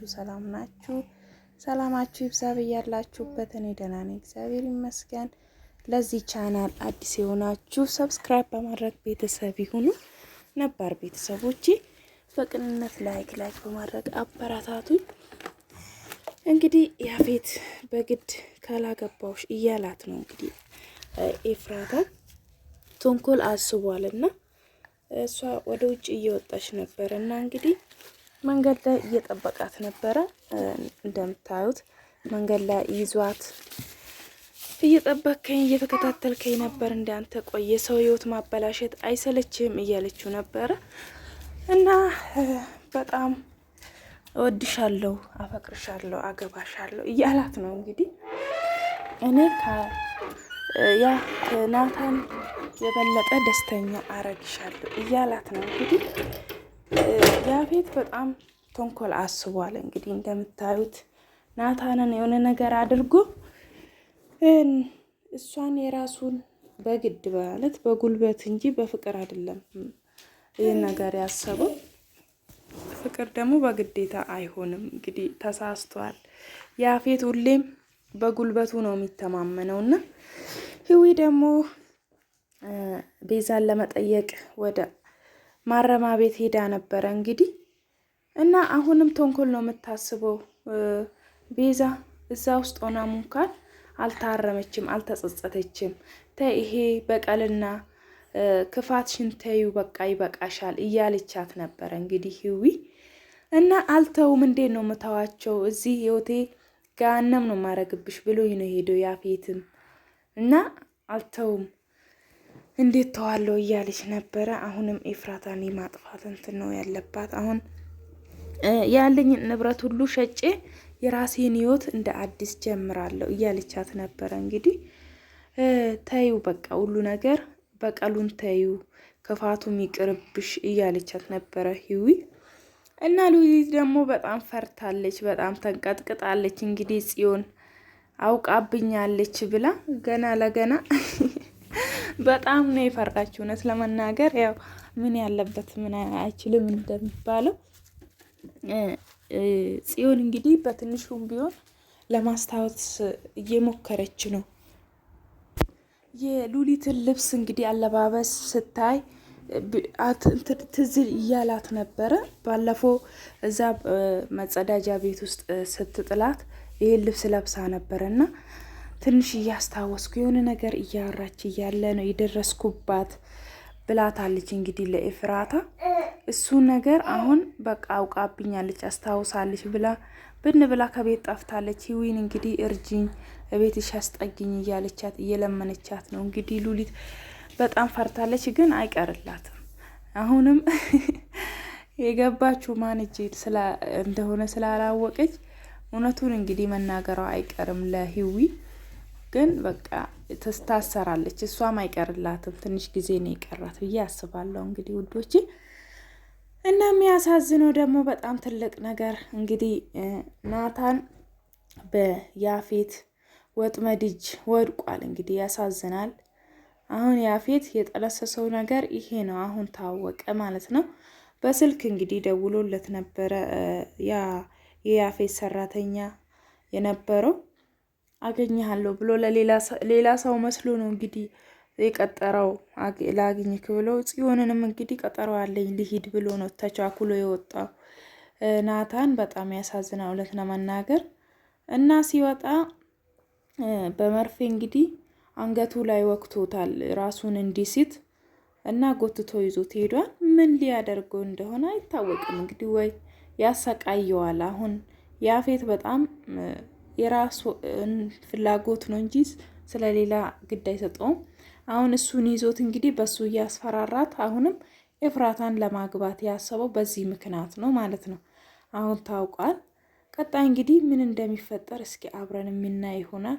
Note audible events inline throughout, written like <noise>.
ናችሁ? ሰላም ናችሁ? ሰላማችሁ ይብዛ በያላችሁበት። እኔ ደህና ነኝ፣ እግዚአብሔር ይመስገን። ለዚህ ቻናል አዲስ የሆናችሁ ሰብስክራይብ በማድረግ ቤተሰብ ይሁኑ። ነባር ቤተሰቦቼ በቅንነት ላይክ ላይክ በማድረግ አበረታቱኝ። እንግዲህ ያፌት በግድ ካላገባውሽ እያላት ነው። እንግዲህ ኤፍራታ ተንኮል አስቧልና እሷ ወደ ውጭ እየወጣች ነበር እና እንግዲህ መንገድ ላይ እየጠበቃት ነበረ። እንደምታዩት መንገድ ላይ ይዟት እየጠበከኝ እየተከታተልከኝ ነበር እንዳንተ ቆየ ሰው ህይወት ማበላሸት አይሰለችም እያለችው ነበረ እና በጣም እወድሻለሁ፣ አፈቅርሻለሁ፣ አገባሻለሁ እያላት ነው እንግዲህ እኔ ያ ናታን የበለጠ ደስተኛ አረግሻለሁ እያላት ነው እንግዲህ ያፌት በጣም ተንኮል አስቧል። እንግዲህ እንደምታዩት ናታንን የሆነ ነገር አድርጎ እሷን የራሱን በግድ ማለት በጉልበት እንጂ በፍቅር አይደለም ይህን ነገር ያሰበው። ፍቅር ደግሞ በግዴታ አይሆንም። እንግዲህ ተሳስቷል። ያፌት ሁሌም በጉልበቱ ነው የሚተማመነው እና ህዊ ደግሞ ቤዛን ለመጠየቅ ወደ ማረማ ቤት ሄዳ ነበረ እንግዲህ እና አሁንም ተንኮል ነው የምታስበው ቤዛ እዛ ውስጥ ሆና ሙንካል አልታረመችም፣ አልተጸጸተችም። ይሄ በቀልና ክፋት ሽንተዩ በቃ ይበቃሻል እያለቻት ነበረ እንግዲህ ህዊ እና አልተውም፣ እንዴት ነው ምታዋቸው? እዚህ ህይወቴ ገሃነም ነው ማረግብሽ ብሎኝ ነው ሄዶ ያፌትም እና አልተውም እንዴት ተዋለው እያለች ነበረ። አሁንም ኤፍራታን የማጥፋት እንትን ነው ያለባት። አሁን ያለኝ ንብረት ሁሉ ሸጬ የራሴን ህይወት እንደ አዲስ ጀምራለሁ እያለቻት ነበረ። እንግዲህ ተዩ በቃ ሁሉ ነገር በቀሉን ተዩ፣ ክፋቱም ይቅርብሽ እያለቻት ነበረ ህዊ እና ሉዊዝ ደግሞ በጣም ፈርታለች፣ በጣም ተንቀጥቅጣለች። እንግዲህ ጽዮን አውቃብኛለች ብላ ገና ለገና በጣም ነው የፈራችው። እውነት ለመናገር ያው ምን ያለበት ምን አይችልም እንደሚባለው ጽዮን እንግዲህ በትንሹም ቢሆን ለማስታወስ እየሞከረች ነው። የሉሊትን ልብስ እንግዲህ አለባበስ ስታይ ትዝ እያላት ነበረ። ባለፈው እዛ መጸዳጃ ቤት ውስጥ ስትጥላት ይህን ልብስ ለብሳ ነበረ እና ትንሽ እያስታወስኩ የሆነ ነገር እያወራች እያለ ነው የደረስኩባት ብላታለች። እንግዲህ ለኤፍራታ እሱ ነገር አሁን በቃ አውቃብኛለች፣ አስታውሳለች ብላ ብን ብላ ከቤት ጠፍታለች። ሂዊን እንግዲህ እርጅኝ፣ ቤትሽ አስጠጊኝ እያለቻት እየለመነቻት ነው እንግዲህ ሉሊት በጣም ፈርታለች፣ ግን አይቀርላትም። አሁንም <laughs> የገባችው ማን እጅ እንደሆነ ስላላወቀች እውነቱን እንግዲህ መናገሯ አይቀርም ለሂዊ ግን በቃ ትስታሰራለች። እሷም አይቀርላትም ትንሽ ጊዜ ነው የቀራት ብዬ አስባለሁ። እንግዲህ ውዶቼ እና የሚያሳዝነው ደግሞ በጣም ትልቅ ነገር እንግዲህ ናታን በያፌት ወጥመድ እጅ ወድቋል። እንግዲህ ያሳዝናል። አሁን ያፌት የጠለሰሰው ነገር ይሄ ነው። አሁን ታወቀ ማለት ነው። በስልክ እንግዲህ ደውሎለት ነበረ ያ የያፌት ሰራተኛ የነበረው አገኘሃለሁ ብሎ ለሌላ ሰው መስሎ ነው እንግዲህ የቀጠረው ላግኝክ ብሎ ጽዮንንም እንግዲህ ቀጠሮ አለኝ ልሂድ ብሎ ነው ተቻኩሎ የወጣው ናታን። በጣም ያሳዝና እውነት ለመናገር እና ሲወጣ በመርፌ እንግዲህ አንገቱ ላይ ወቅቶታል ራሱን እንዲስት እና ጎትቶ ይዞት ሄዷል። ምን ሊያደርገው እንደሆነ አይታወቅም እንግዲህ ወይ ያሰቃየዋል። አሁን ያፌት በጣም የራሱ ፍላጎት ነው እንጂ ስለሌላ ግድ አይሰጠውም። አሁን እሱን ይዞት እንግዲህ በሱ እያስፈራራት አሁንም ኤፍራታን ለማግባት ያሰበው በዚህ ምክንያት ነው ማለት ነው። አሁን ታውቋል። ቀጣይ እንግዲህ ምን እንደሚፈጠር እስኪ አብረን የምናይ ይሆናል።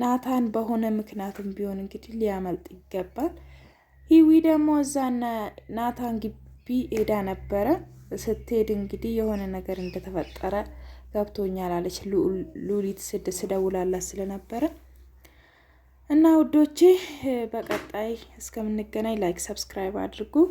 ናታን በሆነ ምክንያትም ቢሆን እንግዲህ ሊያመልጥ ይገባል። ሂዊ ደግሞ እዛና ናታን ግቢ ሄዳ ነበረ። ስትሄድ እንግዲህ የሆነ ነገር እንደተፈጠረ ገብቶኛል አለች ሉሊት ስደውላላት ስለነበረ እና ውዶቼ በቀጣይ እስከምንገናኝ ላይክ ሰብስክራይብ አድርጉ።